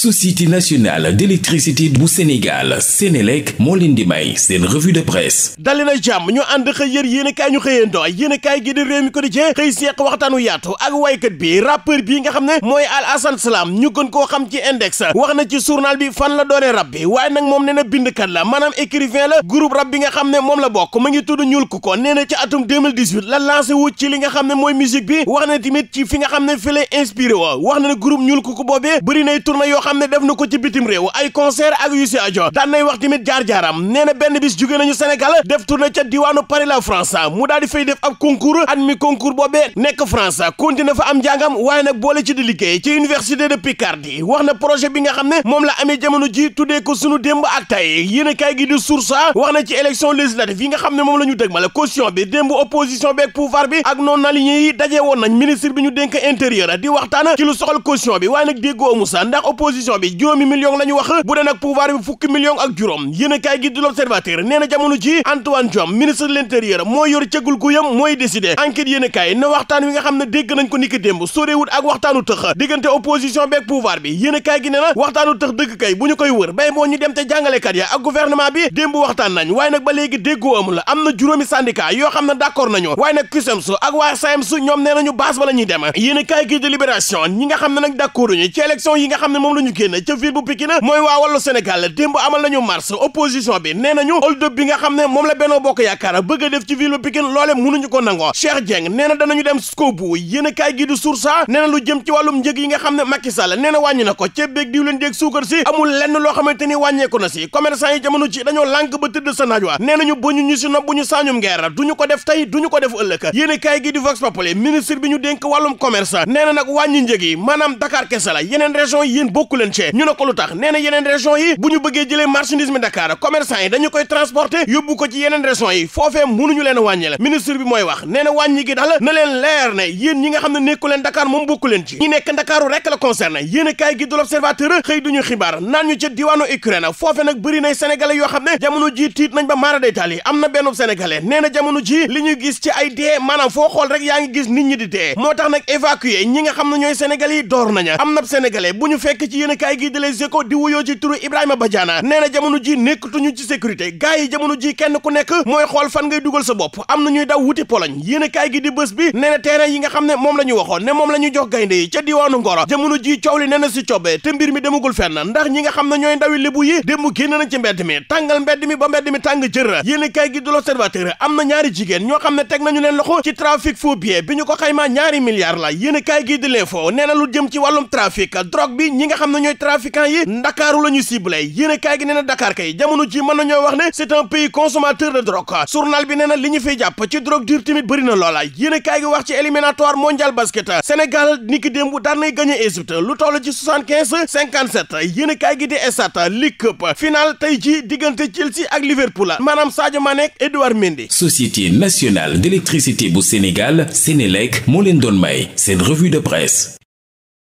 société nationale d'électricité bu Sénégal Sénélec moo leen di may seen revue de presse dali na jàmm ñu ànd xëy yër yéen i kaay ñu xëyandoo yéen i kaay gi di réew mi quotidien xëy seeq waxtaanu yaatu ak waykat bi rappeur bi nga xam ne mooy Al Hassan Salam ñu gën koo xam ci index wax na ci journal bi fan la doonee rab bi waaye nag moom nee na bindkat la maanaam écrivain la groupe rab bi nga xam ne moom la bokk ma ngi tudd ñuul ku ko nee na ci atum mooy musique bi wax na tamit fi nga xam ne fi wo wax na ne groupe ko boobee bëri nay tournée am ne def na ko ci bitim réew ay concert ak yu si ajo daan nay wax tamit jaar-jaaram nee na benn bis jóge nañu Sénégal def tournée ca diwaanu Paris la France mu daal di fay def ab concours at mi concours boobee nekk France continué fa am njàngam waaye nag boole ci di liggéey ci université de Picardie wax na projet bi nga xam ne moom la amee jamono ji tuddee ko sunu démb ak tey yéen a gi di source wax na ci élection législative yi nga xam ne moom la ñu dëgmal caution bi démb opposition beeg pouvoir bi ak non aligné yi dajee woon nañ ministre bi ñu dénk intérieur di waxtaan ci lu soxal caution bi waaye nag déggoo Moussa ndax opposition bi juróomi million la wax bu dee nag bi fukki million ak juróom yéen a gi du l'observateur nee na jamono Antoine Diome ministre de l'intérieur yor cëggul ku yam mooy décider enquête yéen a kaay waxtaanu tëx a dëgg kay bu ñu koy wër bay moo ñu dem te jàngalekat ya ak gouvernement bi démb waxtaan nañ waaye nag ba léegi déggoo la am na juróomi syndicat yoo xam ne d'accord nañu waaye nag CUSEMS ak waa SAEMS ñoom nee nañu base ba la dem yéen a ñu génn ca ville bu Pikine mooy waa wàllu Sénégal démb amal nañu mars opposition bi nee nañu hold bi nga xam ne moom la Benno Bokk Yaakaar bëgg def ci ville bu Pikine loole mënuñu ko nangoo Cheikh Dieng nee na danañu dem scobu yéen a kaay du sursa nee na lu jëm ci wàllum njëg yi nga xam ne Macky Sall nee na wàññi na ko ceeb beeg diwlin déeg suukar si amul lenn loo xamante ni wàññeeku na si commerçant yi jamono ci dañoo lànk ba tëdd sa naaj nee na leen ci ñu ne ko lu tax nee na yeneen région yi bu ñu bëggee jëlee marchandise mi Dakar commerçant yi dañu koy transporter yóbbu ko ci yeneen région yi foofee mënuñu leen wàññi ministre bi mooy wax nee na gi daal na leen leer ne yéen ñi nga xam ne nekku leen moom bokku leen ci ñi nekk Dakaaru rek la concerné yéen a kaay gi du xëy duñu xibaar naan ñu ca diwaanu Ukraine foofe nag bëri nay yoo xam ne jamono ji li ñuy gis ci ay yéen a kaay gi di Les Échos di wuyoo ci turu Ibrahima Badiana nee na jamono ji nekkatuñu ci sécurité gars yi jamono ji kenn ku nekk mooy xool fan ngay dugal sa bopp am na ñuy daw wuti Pologne yéen a kaay gi di bés bi nee na yi nga xam ne moom la ñu waxoon ne moom la ñu jox gaynde yi ca diwaanu Ngoro jamono ji coow li nee na si coobee te mbir mi demagul fenn ndax ñi nga xam ne ñooy ndawi lébu yi démb génn nañ ci mbedd mi tàngal mbedd mi ba mbedd mi tàng jër yéen a kaay gi di am na ñaari jigéen ñoo xam ne teg nañu leen loxo ci trafic faux billets bi ñu ko xaymaa ñaari milliards la yéen a kaay gi di L'Info nee na lu jëm ci wàllum trafic drogue bi ñi ñooy trafiquants yi ndakaaru la ñu ciblé yéen a kaay gi nee na Dakar kay jamono ji mën nañoo wax ne c'est un pays consommateur de drogue journal bi nee na li ñu fiy jàpp ci drogue dure tamit bëri na loola yéen a kaay gi wax ci éliminatoire mondial basket Sénégal ni ki démb daan nay gagné Égypte lu toll ci 75 57 yéen a kaay gi di Esat League Cup final tey ji diggante Chelsea ak Liverpool maanaam Sadio Mané ak Edouard Mendy. Société nationale d'électricité bu Sénégal Sénélec moo leen doon may seen revue de presse.